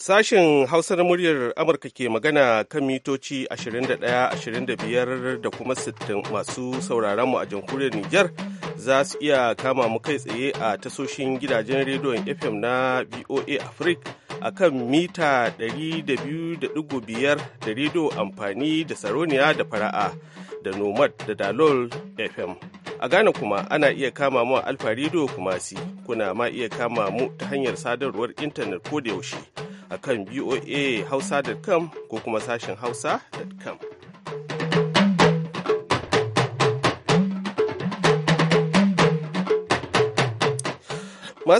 Sashen Hausa na muryar Amurka ke magana kan mitoci 21-25 da kuma 60 masu sauraron mu a jamhuriyar Nijar za su iya kama mu kai tsaye a tasoshin gidajen rediyon FM na VOA Africa a kan mita 200.5 da rediyo amfani da Saroniya da Fara'a da Nomad da Dalol FM. a Ghana kuma ana iya kama mu a Alfa Radio Kumasi kuna ma iya kama mu ta hanyar sadarwar intanet ko da yaushe a kan voa hausa.com ko kuma sashen hausa.com.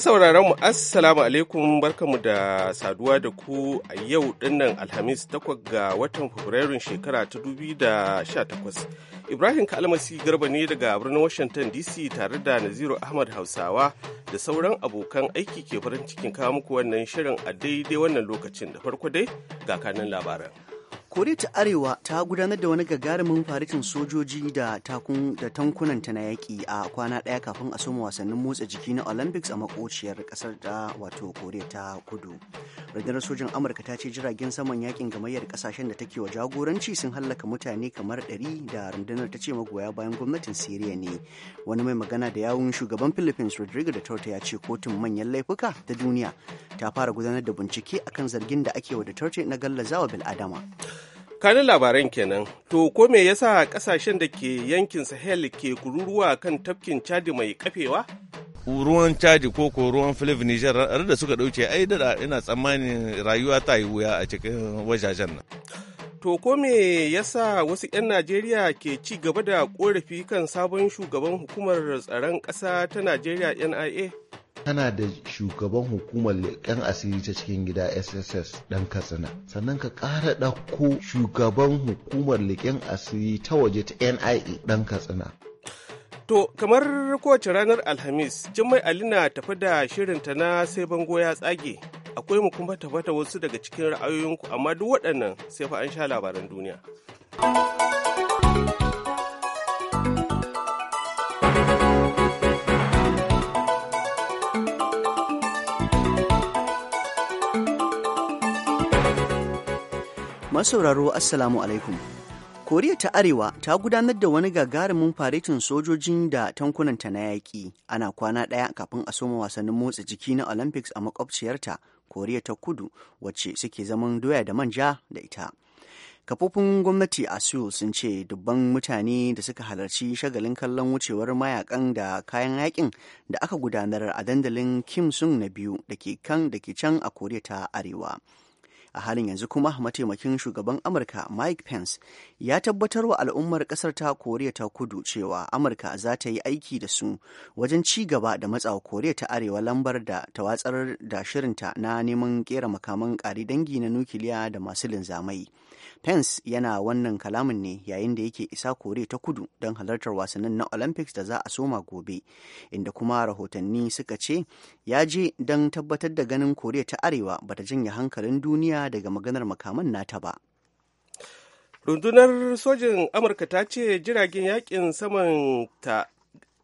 sauraron mu assalamu alaikum barkamu da saduwa da ku a yau dinnan alhamis 8 ga watan fabrairun shekara ta 2018 Ibrahim Kalmasi Garba ne daga birnin Washington DC tare da Naziru Ahmad Hausawa da sauran abokan aiki ke farin cikin kawo muku wannan shirin a daidai wannan lokacin da farko dai ga kanin labaran. koriya ta arewa ta gudanar da wani gagarumin faritin sojoji da takun da tankunanta na yaƙi a kwana ɗaya kafin a soma wasannin motsa jiki na olympics a makociyar kasar ta wato koriya ta kudu rundunar sojin amurka ta ce jiragen saman yakin gamayyar kasashen da take wa jagoranci sun hallaka mutane kamar ɗari da rundunar ta ce magoya bayan gwamnatin syria ne wani mai magana da yawun shugaban philippines rodrigo da torta ya ce kotun manyan laifuka ta duniya ta fara gudanar da bincike akan zargin da ake wa da na gallazawa bil'adama. kanin labaran kenan to ko me yasa kasashen da ke yankin sahel ke kururuwa kan tafkin chadi mai kafewa ruwan chadi ko ko ruwan filif nijar har da suka dauce ai da ina tsammanin rayuwa ta yi wuya a cikin wajajen nan to ko me yasa wasu 'yan najeriya ke ci gaba da korafi kan sabon shugaban hukumar tsaron ƙasa ta najeriya nia tana da shugaban hukumar leƙen asiri ta cikin gida sss ɗan katsina sannan ka ƙara ɗauko shugaban hukumar leƙen asiri ta waje ta nia ɗan katsina To, kamar kowace ranar Alhamis, Jummai Ali na tafi da shirinta na sai bango ya tsage. Akwai mu kuma tafi wasu daga cikin ra'ayoyinku, amma duk waɗannan sai fa an sha labaran duniya. Masauraro Assalamu alaikum. Koriya ta Arewa ta gudanar da wani gagarumin faretin sojojin da tankunanta na yaƙi ana kwana ɗaya kafin a soma wasannin motsa jiki na Olympics a makwabciyarta Koriya ta Kudu wacce suke zaman doya da manja da ita. kafofin gwamnati a seoul sun ce dubban mutane da suka halarci shagalin kallon wucewar mayakan da kayan yakin da aka gudanar a dandalin kim sung na biyu da ke da ke can a koriya ta arewa a halin yanzu kuma mataimakin shugaban amurka mike pence ya tabbatar wa al'ummar kasar ta koriya ta kudu cewa amurka za ta yi aiki da su wajen ci gaba da matsawa koriya ta arewa lambar da ta watsar da shirinta na neman kera makaman ƙari dangi na nukiliya da masu linzamai Pence yana wannan kalamin ne yayin da yake isa kore ta kudu don halartar wasannin na Olympics da za a soma gobe, inda kuma rahotanni suka ce ya je don tabbatar da ganin kore ta Arewa bata janye hankalin duniya daga maganar makaman nata ba. Rundunar sojin Amurka ta ce jiragen yakin saman ta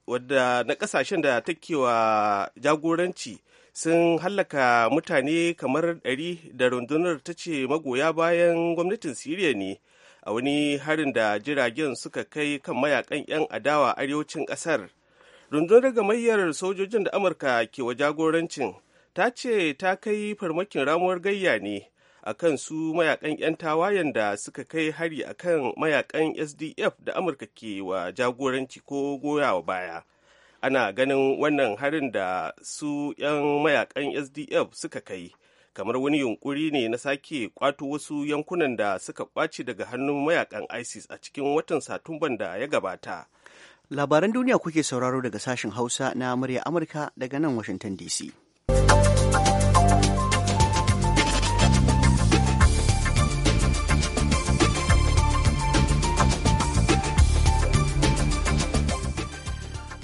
wadda na kasashen da take wa jagoranci sun hallaka mutane kamar ɗari da rundunar ta ce magoya bayan gwamnatin siriya ne a wani harin da jiragen suka kai kan mayakan 'yan adawa arewacin ƙasar rundunar gamayyar sojojin da amurka ke wa jagorancin ta ce ta kai farmakin ramuwar gayya ne a kan su mayakan 'yan tawayen da suka kai hari a kan mayakan sdf da amurka ke wa jagoranci ko goyawa baya ana ganin wannan harin da su 'yan mayakan sdf suka kai kamar wani yunkuri ne na sake kwato wasu yankunan da suka kwace daga hannun mayakan isis a cikin watan satumban da ya gabata labaran duniya kuke sauraro daga sashen hausa na murya amurka daga nan washington dc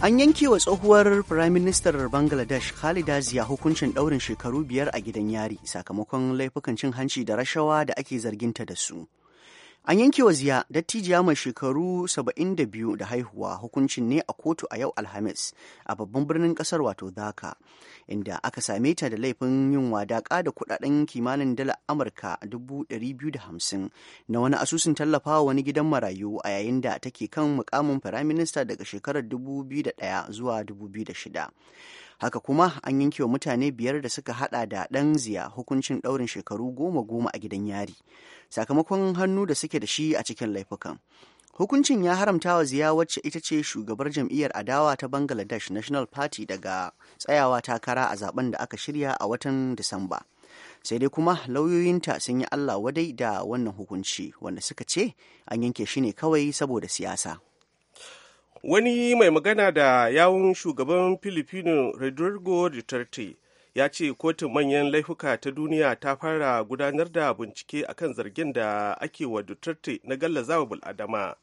An yanke wa tsohuwar Firaministar Bangladesh Khalida Ziya hukuncin ɗaurin shekaru biyar a gidan yari sakamakon laifukan cin hanci da rashawa da ake zarginta da su. An yanke wa Ziya dattijiya mai shekaru 72 da haihuwa hukuncin ne a kotu a yau Alhamis a babban birnin ƙasar wato Dhaka inda aka same ta da laifin yin wadaƙa da kudaden kimanin dala amurka 250,000 na wani asusun tallafawa wani gidan marayu a yayin da take kan mukamin firaminista daga shekarar 2001 zuwa 2006 haka kuma an yanke wa mutane biyar da suka hada da ɗan ziya hukuncin ɗaurin shekaru goma goma a gidan yari sakamakon hannu da suke da shi a cikin laifukan Hukuncin ya haramtawa ziya wacce ita ce shugabar jam'iyyar adawa ta Bangladesh National Party daga tsayawa takara a zaben da aka shirya a watan Disamba. Sai dai kuma lauyoyinta sun yi Allah wadai da wannan hukunci wanda suka ce an yanke shi ne kawai saboda siyasa. Wani mai magana da yawun shugaban Filipino Rodrigo Duterte ya ce kotun manyan laifuka ta duniya ta fara gudanar da bincike akan zargin da ake wa Duterte na gallazawa bul'adama.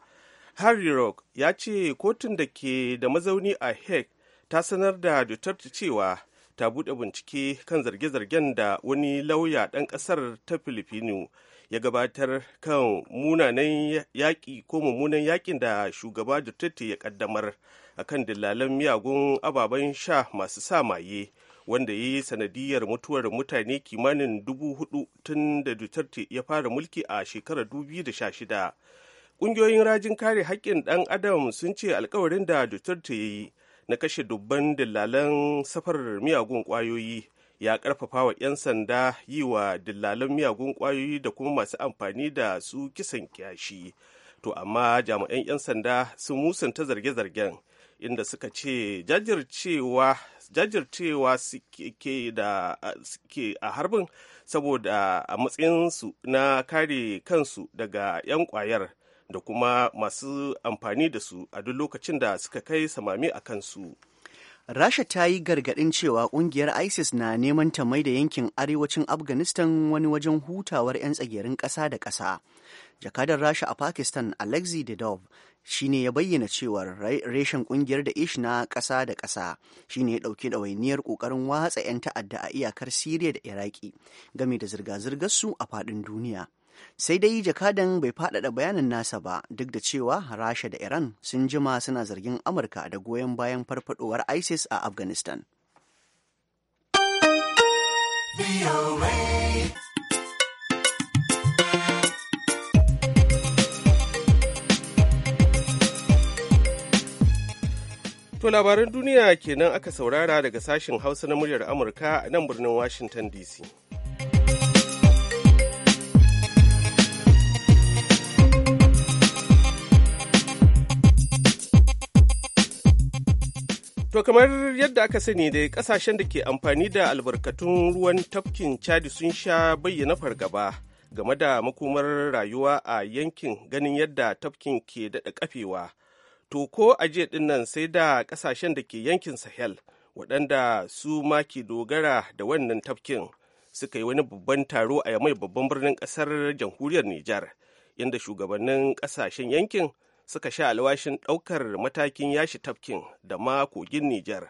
harry rock ya ce kotun da ke da mazauni a hague ta sanar da duterte cewa ta buɗe bincike kan zarge-zargen da wani lauya ɗan ƙasar ta filipino ya gabatar kan munanan yaƙi ko mummunan yaƙin da shugaba duterte ya ƙaddamar a kan dillalan miyagun ababen sha masu sa maye wanda ya yi sanadiyar mutuwar mutane kimanin dubu hudu tun da duterte ya fara mulki a shekarar 2016 Ƙungiyoyin rajin kare haƙƙin ɗan adam sun ce alkawarin da Duterte ya yi na kashe dubban dillalan safarar miyagun ƙwayoyi ya ƙarfafa wa 'yan sanda yi wa dillalan miyagun ƙwayoyi da kuma masu amfani da su kisan kyashi. To amma jami'an 'yan sanda sun musanta zarge-zargen inda suka ce jajircewa jajircewa suke da suke a harbin saboda a matsayinsu na kare kansu daga 'yan ƙwayar. da kuma masu amfani da su a duk lokacin da suka kai samami a kansu. Rasha ta yi gargaɗin cewa ƙungiyar ISIS na neman ta mai da yankin arewacin Afghanistan wani wajen hutawar 'yan tsagerin ƙasa da ƙasa. Jakadar Rasha a Pakistan Alexei Dedov shi ne ya bayyana cewar reshen ƙungiyar da ish na ƙasa da ƙasa shi ne ya ɗauki ɗawainiyar ƙoƙarin watsa 'yan ta'adda a iyakar Siriya da Iraki game da zirga-zirgar su a faɗin duniya. sai dai jakadan bai faɗaɗa bayanin nasa ba duk da cewa rasha da iran sun jima suna zargin amurka da goyon bayan farfadowar isis a afghanistan To labaran duniya kenan aka saurara daga sashen hausa na muryar amurka a nan birnin washington dc To kamar yadda aka sani da kasashen da ke amfani da albarkatun ruwan tafkin Chadi sun sha bayyana fargaba game da makomar rayuwa a yankin ganin yadda tafkin ke daɗa kafewa. To ko ajiye ɗin nan sai da kasashen da ke yankin Sahel waɗanda su ma ke dogara da wannan tafkin suka yi wani babban taro a yamai babban birnin ƙasar jamhuriyar Nijar inda shugabannin ƙasashen yankin suka sha alwashin ɗaukar matakin yashi tafkin da ma kogin Nijar.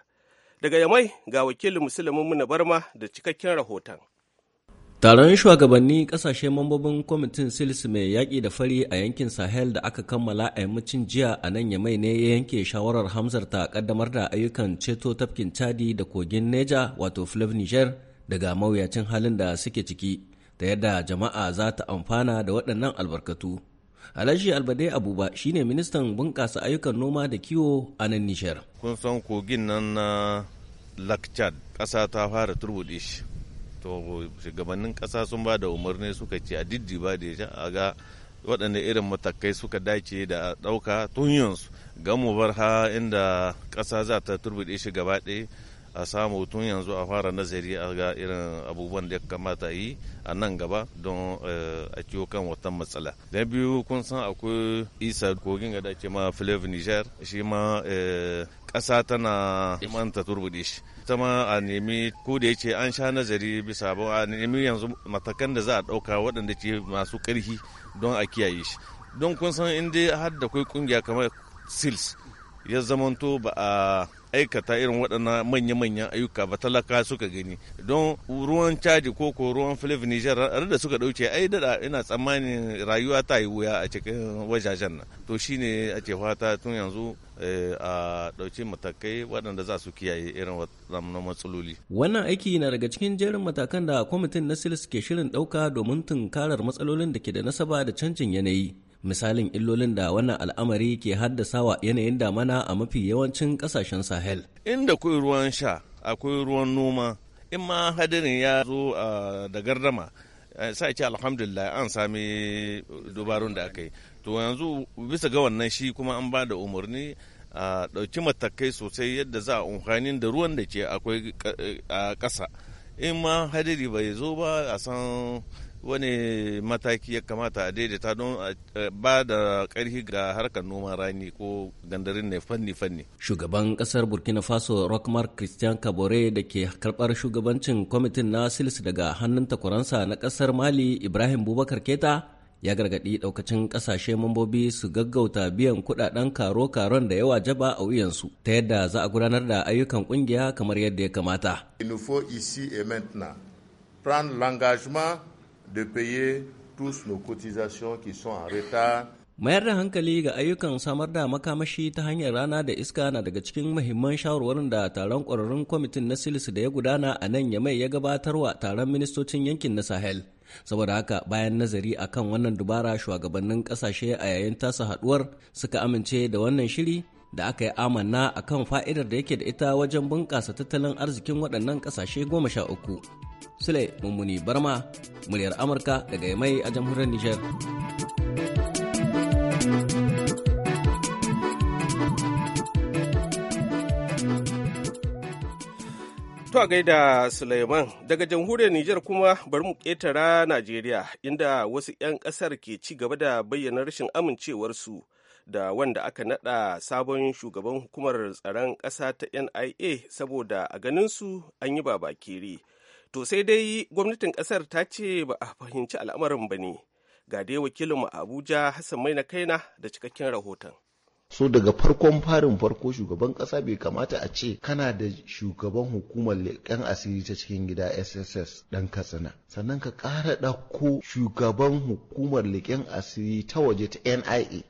Daga Yamai ga wakilin musulmin na barma da cikakken rahoton. Taron shugabanni kasashe mambobin kwamitin silis mai yaƙi da fari a yankin Sahel da aka kammala a yammacin jiya a nan Yamai ne ya yanke shawarar hamzarta kaddamar da ayyukan ceto tafkin Chadi da kogin Neja wato Flav Niger daga mawuyacin halin da suke ciki ta yadda jama'a za ta amfana da waɗannan albarkatu. Alhaji Albade Abuba shine ministan bunƙasa ayyukan noma da kiwo a nan Nishar. Kun san kogin nan na Lakchad ƙasa ta fara turbuɗe shi. To shugabannin ƙasa sun ba da umarni suka ce a diddiba da ya a ga waɗanda irin matakai suka dace da ɗauka tun yansu Gamu bar ha inda ƙasa za ta turbuɗe shi gaba ɗaya a samu tun yanzu a fara nazari a ga irin abubuwan da ya kamata yi a nan gaba don eh, a ciwo kan wata matsala na biyu kun san akwai isa kogin da ke ma flav niger shi ma eh, ƙasa tana manta turbuɗe shi ita ma a nemi ko da yake an sha nazari bisa ba a nemi yanzu matakan da za a ɗauka waɗanda ke masu ƙarfi don a kiyaye shi don kun san inda har da kai kungiya kamar sils ya zamanto ba a aikata irin waɗannan manya-manyan ayyuka ba talaka suka gani don ruwan caji ko ko ruwan filif nijar da suka ɗauke ai dada ina tsammanin rayuwa ta yi wuya a cikin wajajen nan to shine a ce fata tun yanzu eh, a ɗauki matakai waɗanda za su kiyaye irin waɗannan matsaloli. Wannan aiki na daga cikin jerin matakan da kwamitin na ke shirin ɗauka domin tunkarar matsalolin da ke da nasaba da canjin yanayi. misalin illolin da wannan al'amari ke haddasawa yanayin damana a mafi yawancin kasashen sahel inda akwai ruwan sha akwai ruwan noma in ma hadirin ya zo da gardama sai ce alhamdulillah an sami dubarun da aka yi to yanzu bisa ga wannan shi kuma an ba da umarni a ɗauki matakai sosai yadda za a amfanin da ruwan da ke akwai a ƙasa in ma hadiri bai zo ba a san wani mataki ya kamata a daidaita don eh, ba da karfi ga harkar noman rani ko gandarin ne fanni-fanni. Shugaban kasar Burkina Faso Rockmar Christian Kabore da ke karɓar shugabancin kwamitin na Sils daga hannun takwaransa na kasar Mali Ibrahim Bubakar Keta ya gargadi daukacin kasashe mambobi su gaggauta biyan kudaden karo-karon da yawa jaba a wuyansu ta yadda za a gudanar da ayyukan kungiya kamar yadda ya kamata. Il faut ici et maintenant prendre l'engagement de payer tous nos cotisations qui sont en retard. Mayar da hankali ga ayyukan samar da makamashi ta hanyar rana da iska na daga cikin muhimman shawarwarin da taron ƙwararrun kwamitin na Silis da ya gudana a nan Yamai ya gabatarwa taron ministocin yankin na Sahel. saboda haka bayan nazari a kan wannan dubara shugabannin ƙasashe a yayin tasa haduwar suka amince da wannan shiri da aka yi amanna kan fa'idar da yake da ita wajen bunƙasa tattalin arzikin waɗannan ƙasashe goma sha uku. Sule Mummuni Barma, muryar Amurka daga Yamai a jamhuriyar Nijar. To gaida Suleiman daga jamhuriyar Nijar kuma bari mu ƙetara Najeriya inda wasu 'yan ƙasar ke ci gaba da bayyana rashin amincewarsu da wanda aka naɗa sabon shugaban hukumar tsaron ƙasa ta NIA saboda a ganinsu an yi babakere. To sai dai gwamnatin ƙasar ta ce ba a fahimci al'amarin ba ne. Ga dai wakilinmu a Abuja Hassan mai na Kaina da cikakken rahoton. so daga farkon farin farko shugaban kasa bai kamata a ce kana da shugaban hukumar leƙen asiri ta cikin gida sss dan katsina sannan ka ƙara ɗauko shugaban hukumar leƙen asiri ta waje ta nia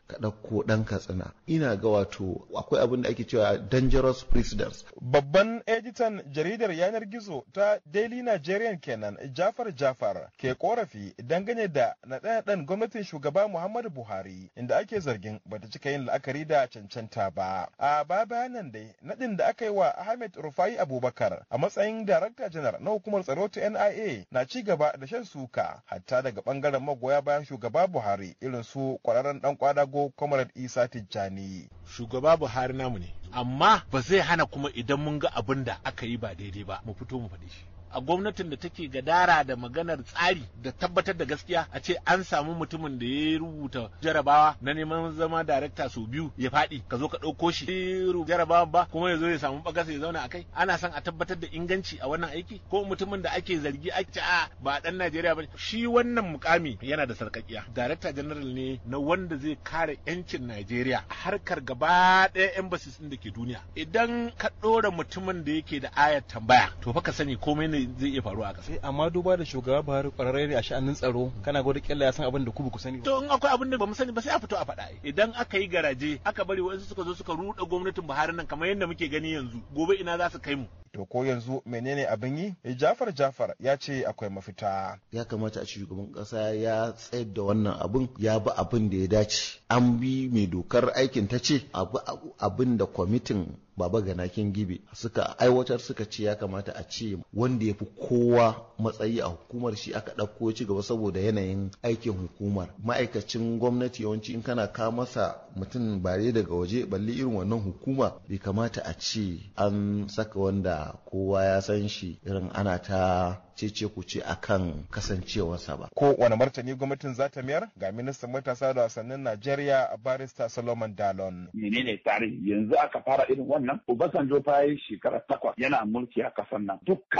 ka ɗauko dan katsina ina ga wato akwai abin da ake cewa dangerous presidents babban editan jaridar yanar gizo ta daily nigerian kenan jafar jafar ke korafi dangane da naɗe-naɗen gwamnatin shugaba muhammadu buhari inda ake zargin bata cika yin la'akari da cancanta ba. A baya nan dai naɗin da aka yi wa Ahmed Rufai Abubakar a matsayin darakta janar na hukumar tsaro ta NIA na ci gaba da shan suka hatta daga bangaren magoya bayan shugaba Buhari irin su kwararren dan kwadago Comrade Isa Tijjani. Shugaba Buhari namu ne amma ba zai hana kuma idan mun ga abin da aka yi ba daidai ba mu fito mu faɗi shi. a gwamnatin da take gadara da maganar tsari da tabbatar da gaskiya a ce an samu mutumin da ya rubuta jarabawa na neman zama darakta sau biyu ya faɗi ka zo ka ɗauko shi jarabawa ba kuma ya zo ya samu bagasa ya zauna a kai ana son a tabbatar da inganci a wannan aiki ko mutumin da ake zargi ake a ba dan Najeriya ba shi wannan mukami yana da sarkakiya darakta general ne na wanda zai kare yancin Najeriya A harkar gaba ɗaya embassies ɗin da ke duniya idan ka ɗora mutumin da yake da ayar tambaya to fa ka sani komai ne zai zai iya faruwa a ƙasa eh, amma duba da shugaba Buhari kwararre ne a sha'anin tsaro hmm. kana gwada kella ya san abin da ku ku sani to in akwai abin da ba mu sani ba sai a fito a faɗa idan aka yi garaje aka bari wasu suka zo suka ruɗa gwamnatin Buhari nan kamar yadda muke gani yanzu gobe ina za su kai mu to ko yanzu menene abin yi eh, jafar jafar ya ce akwai mafita ya kamata a ci shugaban kasa ya tsayar da wannan abin ya bi abin da ya dace an bi mai dokar aikin ta ce abu abin da kwamitin baba ganakin gibe suka aiwatar suka ce ya kamata a ce wanda ya fi kowa matsayi a hukumar shi aka ɗauko ci gaba saboda yanayin aikin hukumar ma'aikacin gwamnati yawanci in kana ka masa mutum bare daga waje balle irin wannan hukuma bai kamata a ce an saka wanda kowa ya san shi irin ana ta cece ku ce akan kasancewarsa ba. Ko wani martani gwamnatin za ta miyar ga ministan matasa da wasannin Najeriya a barista Solomon Dalon. Menene tarihi yanzu aka fara irin wannan Obasanjo ta yi shekara takwas yana mulki a kasar nan dukka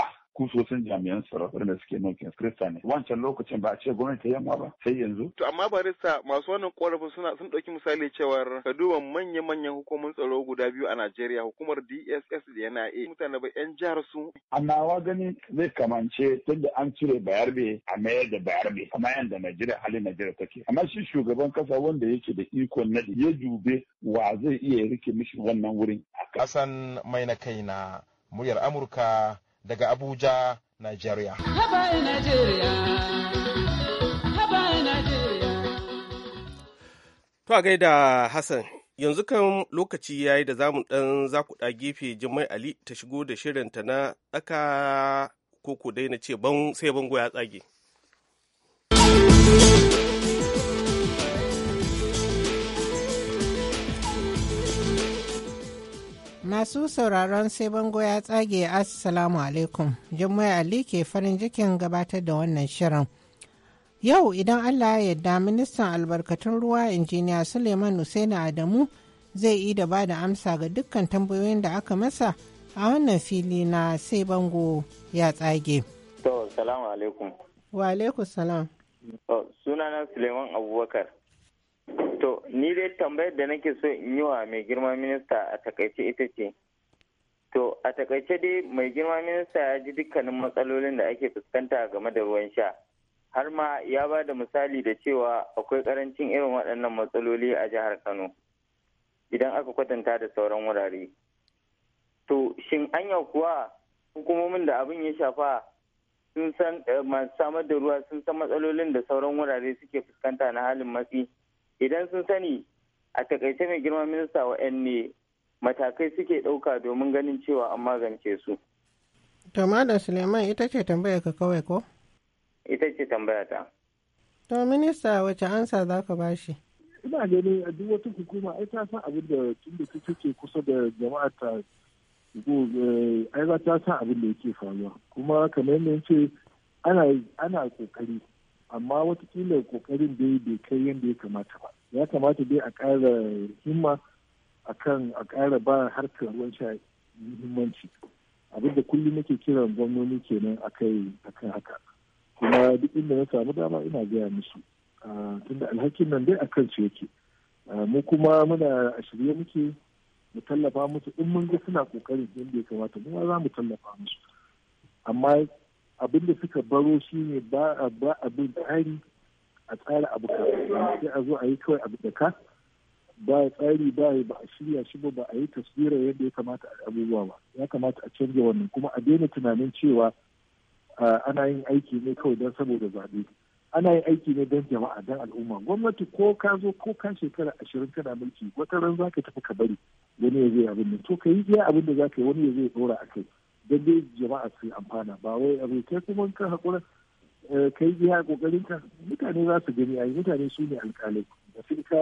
sun jami'an tsaro da suke mulkin Kirista ne. Wancan lokacin ba a ce gwamnati yamma ba sai yanzu. To amma barista masu wannan korafin suna sun ɗauki misali cewar ka duba manya-manyan hukumar tsaro guda biyu a Najeriya hukumar DSS da NIA mutane ba 'yan jihar su. A nawa gani zai kamance da an cire bayarbe a mayar da bayarbe kamar yadda Najeriya halin Najeriya take. Amma shi shugaban kasa wanda yake da ikon naɗi. ya dube wa zai iya rike mishi wannan wurin. a Hassan mai na kai na muryar Amurka daga Abuja, Nigeria. To a gaida Hassan, yanzu kan lokaci ya yi da zamu ɗan zakuɗa gefe Jummai Ali ta shigo da shirinta na tsaka koko dai na ce sai bango ya tsage. Masu sauraron sai bango ya tsage Assalamu alaikum. Jummai Ali ke farin jikin gabatar da wannan shirin. Yau idan Allah ya yarda ministan albarkatun ruwa injiniya Suleiman Husaina Adamu zai yi da ba da amsa ga dukkan tambayoyin da aka masa a wannan fili na sai bango ya tsage. To, salamu alaikum. Wa alaikum salam. Sunana Suleiman Abubakar. To, ni dai tambayar da nake so in yi wa mai girma minista a takaice ita ce. To, a takaice dai mai girma minista ya ji dukkanin matsalolin da ake fuskanta game da ruwan sha. Har ma ya ba da misali da cewa akwai karancin irin waɗannan matsaloli a jihar Kano. Idan aka kwatanta da sauran wurare. To, shin anya kuwa hukumomin da abin ya shafa sun san eh, masu samar da ruwa sun san matsalolin da sauran wurare suke fuskanta na halin matsi idan sun sani a takaice mai girma minista ne matakai suke ɗauka domin ganin cewa an magance su. To da Suleiman ita ce tambaya ka kawai ko? Ita ce tambaya ta. To minista wace ansa za ka ba shi? Ina ganin a duk wata hukuma ai ta san abin da tun da ke kusa da jama'a ta eh, ai za ta san abin da yake faruwa kuma kamar yadda ce ana ana kokari amma watakila kokarin dai bai kai yadda ya kamata ba ya kamata dai a ƙara himma a kan a ƙara ba harkar ruwan sha muhimmanci abin da kullum nake kiran gwamnoni kenan a kan haka kuma duk inda na samu dama ina gaya musu ah, tunda alhakin nan dai akan su yake ah, mu kuma muna a shirye muke mu tallafa musu in mun ga suna kokarin yadda ya kamata mu za mu tallafa musu amma abin da suka baro shi ne ba a ba abin tsari a tsara abu sai a zo a yi kawai abu da ka ba tsari ba ba a shirya shi ba ba a yi taswira yadda ya kamata a abubuwa ba ya kamata a canza wannan kuma a daina tunanin cewa ana yin aiki ne kawai don saboda zaɓe ana yin aiki ne don jama'a don al'umma gwamnati ko ka zo ko ka shekara ashirin kana mulki wata ran za ka tafi ka bari wani ya zai abin nan to ka yi iya abin da za ka yi wani ya zai ɗora a kai don dai jama'a su amfana ba wai abu kai kuma ka haƙura eh, kai biya kokarin ka mutane za su gani ayi mutane su ne alƙalai da sai ka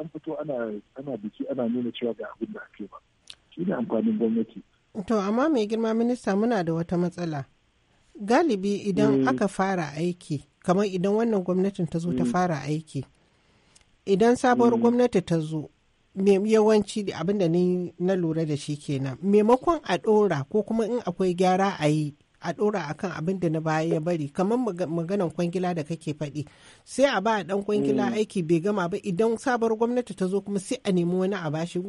an fito ana ana biki ana nuna cewa ga abin da ake ba shi ne amfanin gwamnati. to amma mai girma minista muna da wata matsala galibi idan mm. aka fara aiki kamar idan wannan gwamnatin ta zo ta mm. fara aiki idan sabuwar mm. gwamnati ta zo yawanci abin da na lura da shi kenan maimakon a ɗora ko kuma in akwai gyara a yi a ɗora akan abin da na baya ya bari kamar maganan kwangila da kake faɗi sai a ba a ɗan kwangila mm. aiki bai gama ba idan sabar gwamnati ta zo kuma sai a nemi wani a bashi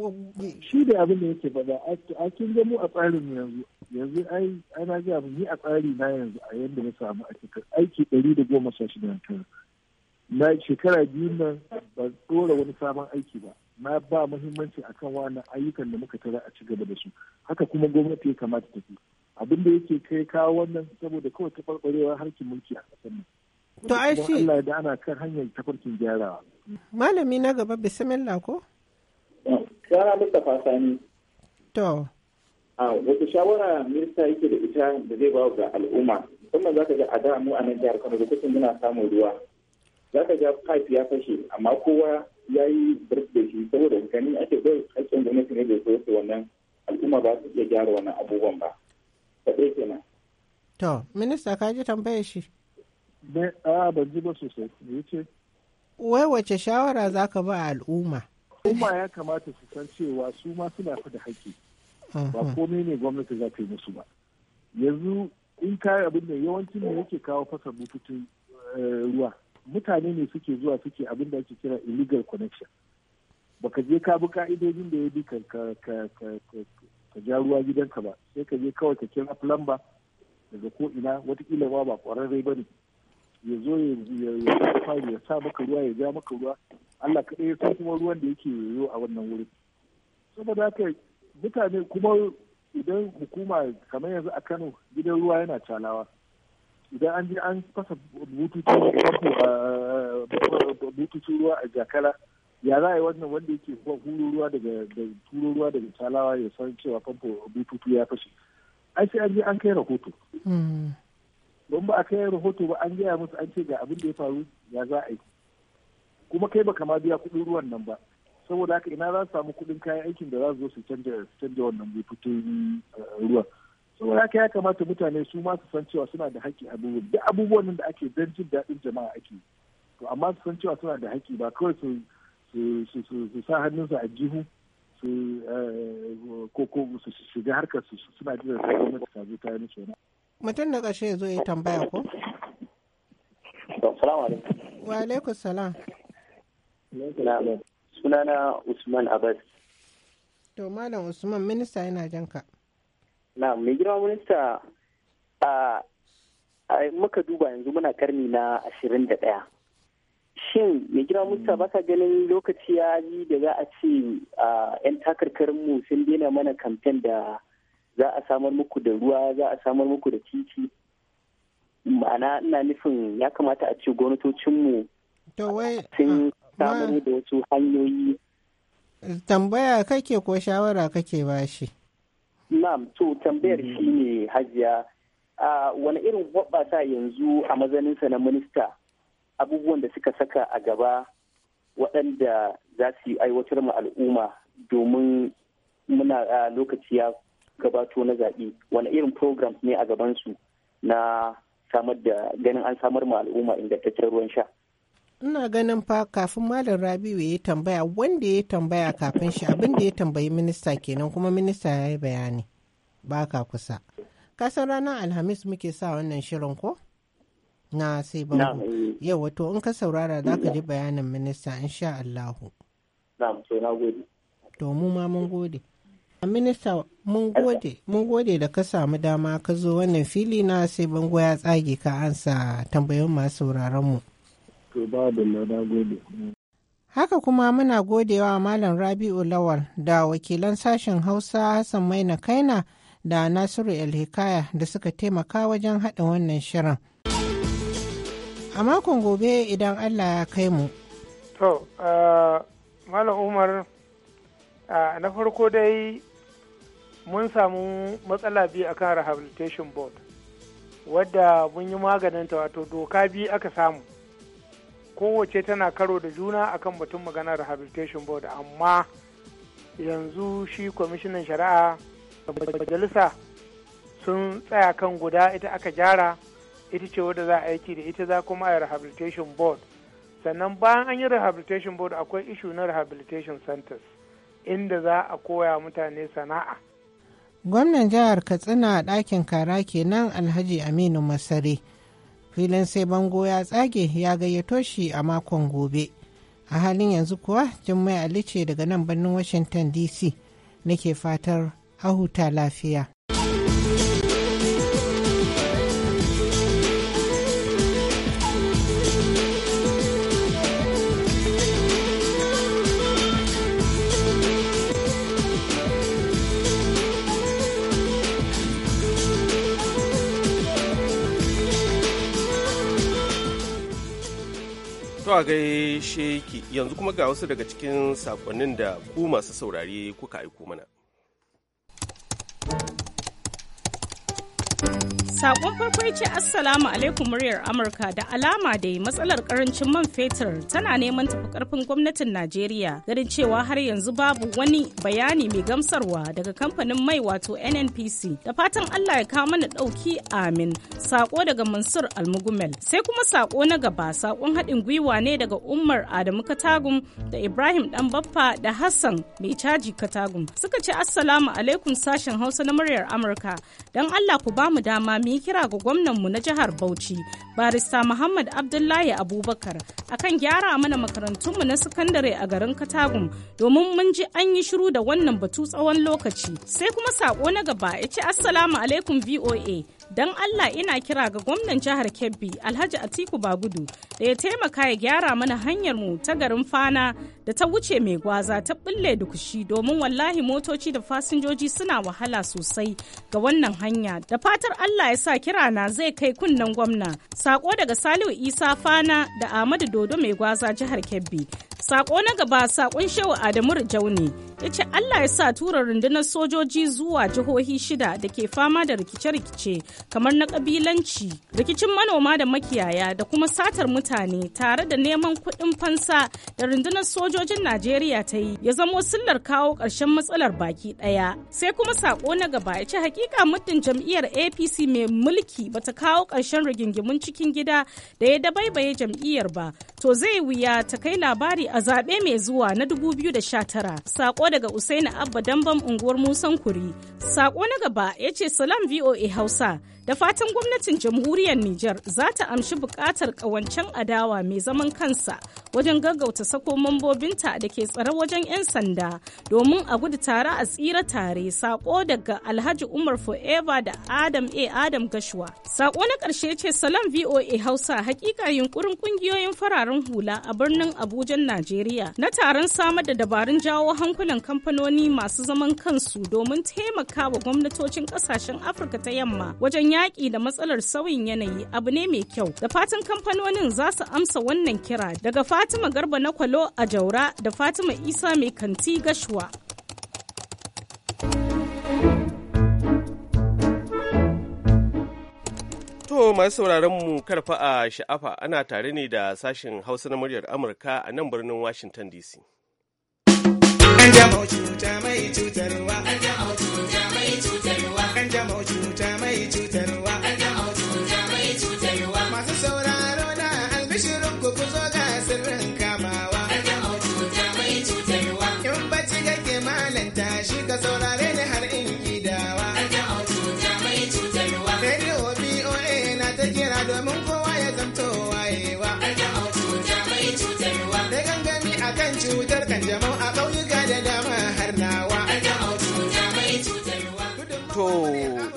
shi da abin da yake faɗa a kin ga a tsarin yanzu yanzu ai ana ga mu ni a tsari na yanzu a yanda na samu aiki ɗari da goma sha shida na shekara biyu nan ba dora wani sabon aiki ba na ba muhimmanci a akan wani ayyukan da muka tara a ci gaba da su haka kuma gwamnati ya kamata tafi abin da yake kai kawo wannan saboda kawai ta tafarbarewar harkin mulki a kasar nan to ai shi Allah da ana kan hanyar tafarkin gyarawa malami na gaba bismillah ko kana mustafa Sani to a wata shawara minista yake da ita da zai ba ga al'umma musamman zaka ga a da mu a nan jihar Kano lokacin muna samun ruwa za ka ga pipe ya fashe amma kowa ya yi birth da shi saboda gani ake bai hakkin gwamnati ne da so su wannan al'umma ba su iya gyara wannan abubuwan ba ta ɗaya kenan. to minista ka ji tambayar shi. a ban ji ba sosai ya ce. wai wace shawara za ka ba al'umma. al'umma ya kamata su san cewa su ma suna fi da haƙƙi. ba komai ne gwamnati za ta yi musu ba yanzu in kayi abin da yawancin ne yake kawo fasa bututun eh, ruwa mutane ne suke zuwa suke abin da ake kira illegal connection baka je ka bi ka'idojin da ya bi ka ja ruwa gidanka ba sai ka je kawai ka kira plumber daga ko ina watakila ba ba kwararre ba ne ya zo ya fari ya sa maka ruwa ya ja maka ruwa Allah kaɗai ya san kuma ruwan da yake yoyo a wannan wurin saboda haka mutane kuma idan hukuma kamar yanzu a Kano gidan ruwa yana calawa idan an je an fasa bututun ruwa a jakala ya za a yi wannan wanda yake huro ruwa daga turo daga talawa ya san cewa famfo bututu ya fashe ai sai an je an kai rahoto hmm. don ba a kai rahoto ba an gaya musu an ce ga abin da ya faru ya za a yi kuma kai baka ma biya kuɗin ruwan nan ba saboda haka ina za su samu kuɗin kayan aikin da za su zo su canja wannan bututun eh, ruwan ya ka ya kamata mutane su ma su san cewa suna da haƙƙi abubuwan da abubuwan da ake don jin daɗin jama'a ake to amma su san cewa suna da haƙƙi ba kawai su su sa hannunsu a jihu su eh, ko ko su shiga harkar su suna jin da sai gwamnati ta zo ta yi musu mutum na ƙarshe ya zo ya tambaya ko Assalamu alaikum. Wa alaikum salam. Sunana Usman Abbas. To Malam Usman minista yana jan ka. na mai girma minista a muka duba yanzu muna karni na ashirin da daya shin mai girma minista ba ka ganin lokaci ya yi da za a ce yan takarkarin mu sun daina mana kamfen da za a samar muku da ruwa za a samar muku da titi ma'ana ina nufin ya kamata a ce gwamnatocinmu sun ah, samar da wasu hanyoyi tambaya kake ko shawara kake bashi Na'am, to tambayar mm-hmm. shi ne hajiya. Wani irin hoɓɓasa yanzu a mazaninsa na minista abubuwan da suka saka a gaba waɗanda za su aiwatar mu al'umma domin muna a lokaci ya gabato na zaɓe wani irin program ne a gabansu na samar da ganin an samar mu al'umma ingantaccen ruwan sha. ina ganin fa kafin malam rabiu ya tambaya wanda ya tambaya kafin shi abin da ya tambayi minista kenan kuma minista ya yi bayani ba ka kusa kasan ranar alhamis muke sa wannan shirin ko na sai ku eh. yau wato in ka saurara za ka ji bayanin minista insha allahu to mu ma mun gode minista mun gode mun gode da ka samu dama ka zo wannan fili na sai bango ya tsage ka ansa tambayoyin masu sauraron mu To Haka kuma muna godewa Malam Rabi'u Lawal da wakilan sashen Hausa Hassan Maina Kaina da Nasiru Elhikaya da suka taimaka wajen haɗa wannan shirin. A makon gobe idan Allah ya kai mu. To, Malam Umar, na farko dai mun samu matsala biyu akan rehabilitation board wadda mun yi maganinta wato doka biyu aka samu. kowace tana karo da juna akan batun maganar rehabilitation board amma yanzu shi kwamishinan shari'a majalisa sun tsaya kan guda ita aka gyara ita ce wadda za a aiki da ita za kuma a rehabilitation board sannan bayan an yi rehabilitation board akwai ishu na rehabilitation centers inda za a koya mutane sana'a gwamnan jihar katsina a ɗakin kara kenan alhaji aminu masare filin sai bango ya tsage ya gayyato shi a makon gobe a halin yanzu kuwa jummai ali ce daga nan birnin washington dc nake fatar a huta lafiya To a gaishe yanzu kuma ga wasu daga cikin sakonnin da ku masu saurari kuka aiko mana. Sakon farko ya ce Assalamu alaikum muryar Amurka da alama dai matsalar karancin man fetur tana neman tafi karfin gwamnatin Najeriya Garin cewa har yanzu babu wani bayani mai gamsarwa daga kamfanin mai wato NNPC da fatan Allah ya kawo mana ɗauki amin. Sako daga Mansur Almugumel. Sai kuma sako na gaba sakon haɗin gwiwa ne daga Umar Adamu Katagum da Ibrahim Dan Baffa da Hassan mai caji Katagum. Suka ce Assalamu alaikum sashen Hausa na muryar Amurka. Dan Allah ku ba mu dama mu yi kira ga gwamnanmu na jihar Bauchi, barista Muhammad Abdullahi Abubakar, akan gyara mana makarantunmu na sakandare a garin Katagum domin mun ji an yi shiru da wannan batu tsawon lokaci. Sai kuma saƙo na gaba ya ce Assalamu alaikum VOA. don Allah ina kira ga gwamnan jihar Kebbi Alhaji Atiku Bagudu da ya taimaka ya gyara mana hanyar mu ta garin Fana da ta wuce mai gwaza ta bulle dukushi domin wallahi motoci da fasinjoji suna wahala sosai ga wannan hanya da fatar Allah ya sa kira na zai kai kunnen gwamna sako daga Salihu Isa Fana da Ahmadu Dodo mai gwaza jihar Kebbi Sako na gaba sakon shehu Adamu Rijau ne ya ce Allah ya sa tura rundunar sojoji zuwa jihohi shida da ke fama da rikice-rikice kamar na kabilanci, rikicin manoma da makiyaya da kuma satar mutane tare da neman kuɗin fansa da rundunar sojojin Najeriya ta yi ya zamo sillar kawo ƙarshen matsalar baki ɗaya. Sai kuma sako na gaba ya ce hakika muddin jam'iyyar APC mai mulki bata kawo ƙarshen rigingimun cikin gida da ya dabaibaye jam'iyyar ba to zai wuya ta kai labari a zaɓe mai zuwa na 2019 sako daga usaini abba dambam unguwar musan kuri sako na gaba ya ce salam voa hausa Da fatan gwamnatin jamhuriyar Nijar za ta amshi bukatar kawancen adawa mai zaman kansa wajen gaggauta sako mambobinta da ke tsare wajen 'yan sanda domin a gudu tare a tsira tare sako daga Alhaji Umar Forever da Adam A. Adam Gashuwa. Sako na ƙarshe ce Salam VOA Hausa hakika yunkurin kungiyoyin fararen hula a birnin Abuja Najeriya na taron samar da dabarun jawo hankulan kamfanoni masu zaman kansu domin taimakawa gwamnatocin ƙasashen Afirka ta yamma wajen yaƙi da matsalar sauyin yanayi abu ne mai kyau da fatan kamfanonin za su amsa wannan kira daga fatima garba na kwalo a jaura da fatima isa mai kanti gashuwa To masu sauraron mu karfa a sha'afa ana tare ne da sashen Hausa na muryar Amurka a nan birnin Washington DC. cutarwa.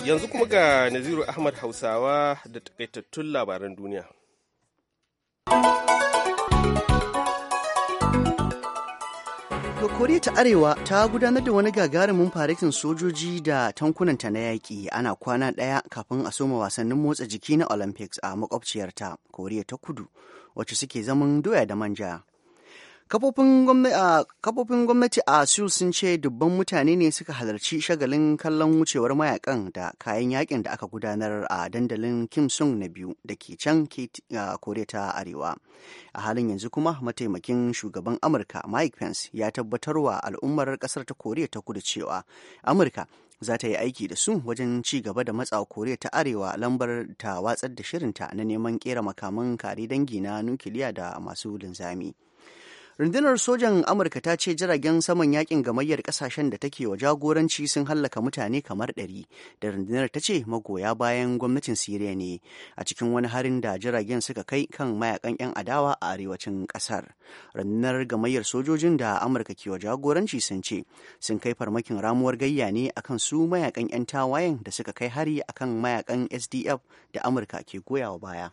yanzu kuma ga Naziru Ahmad Hausawa da takaitattun labaran duniya. To Koriya ta Arewa ta gudanar da wani gagarumin faretin sojoji da tankunanta na yaƙi ana kwana ɗaya kafin a soma wasannin motsa jiki na Olympics a makwabciyarta Koriya ta Kudu wacce suke zaman doya da manja. Kafofin gwamnati a Seoul sun ce dubban mutane ne suka halarci shagalin kallon wucewar mayakan da kayan yakin da aka gudanar a dandalin Kim Sung na biyu da ke can Koriya ta Arewa. A halin yanzu kuma mataimakin shugaban Amurka Mike Pence ya tabbatarwa al'ummar kasar ta Koriya ta kudu cewa Amurka za ta yi aiki da su wajen ci gaba da matsa koriya ta arewa lambar ta watsar da shirinta na neman kera makaman kare dangi na nukiliya da masu linzami. rundunar sojan amurka ta ce jiragen saman yakin gamayyar kasashen da take wa jagoranci sun hallaka mutane kamar ɗari da rundunar ta ce magoya bayan gwamnatin siriya ne a cikin wani harin da jiragen suka kai kan mayakan 'yan adawa a arewacin kasar rundunar gamayyar sojojin da amurka ke wa jagoranci sun ce sun kai farmakin ramuwar gayya ne akan su mayakan 'yan tawayen da suka kai hari akan mayakan sdf da amurka ke goyawa baya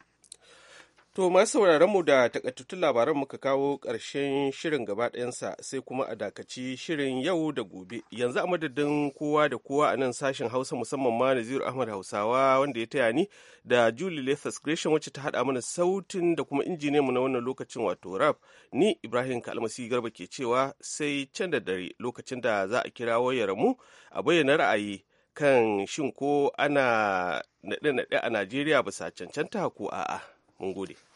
To masu mu da takaitattun labaran muka kawo ƙarshen shirin gaba ɗayansa sai kuma a dakaci shirin yau da gobe. Yanzu a madadin kowa da kowa a nan sashen Hausa musamman ma Naziru Ahmad Hausawa wanda ya taya ni da Julie Lathas Gresham wacce ta haɗa mana sautin da kuma injiniyan mu na wannan lokacin wato rap. Ni Ibrahim Kalmasi Garba ke cewa sai can da dare lokacin da za a kira wayar mu a bayyana ra'ayi kan shin ko ana naɗe-naɗe a Najeriya bisa cancanta ko a'a. Mun gode.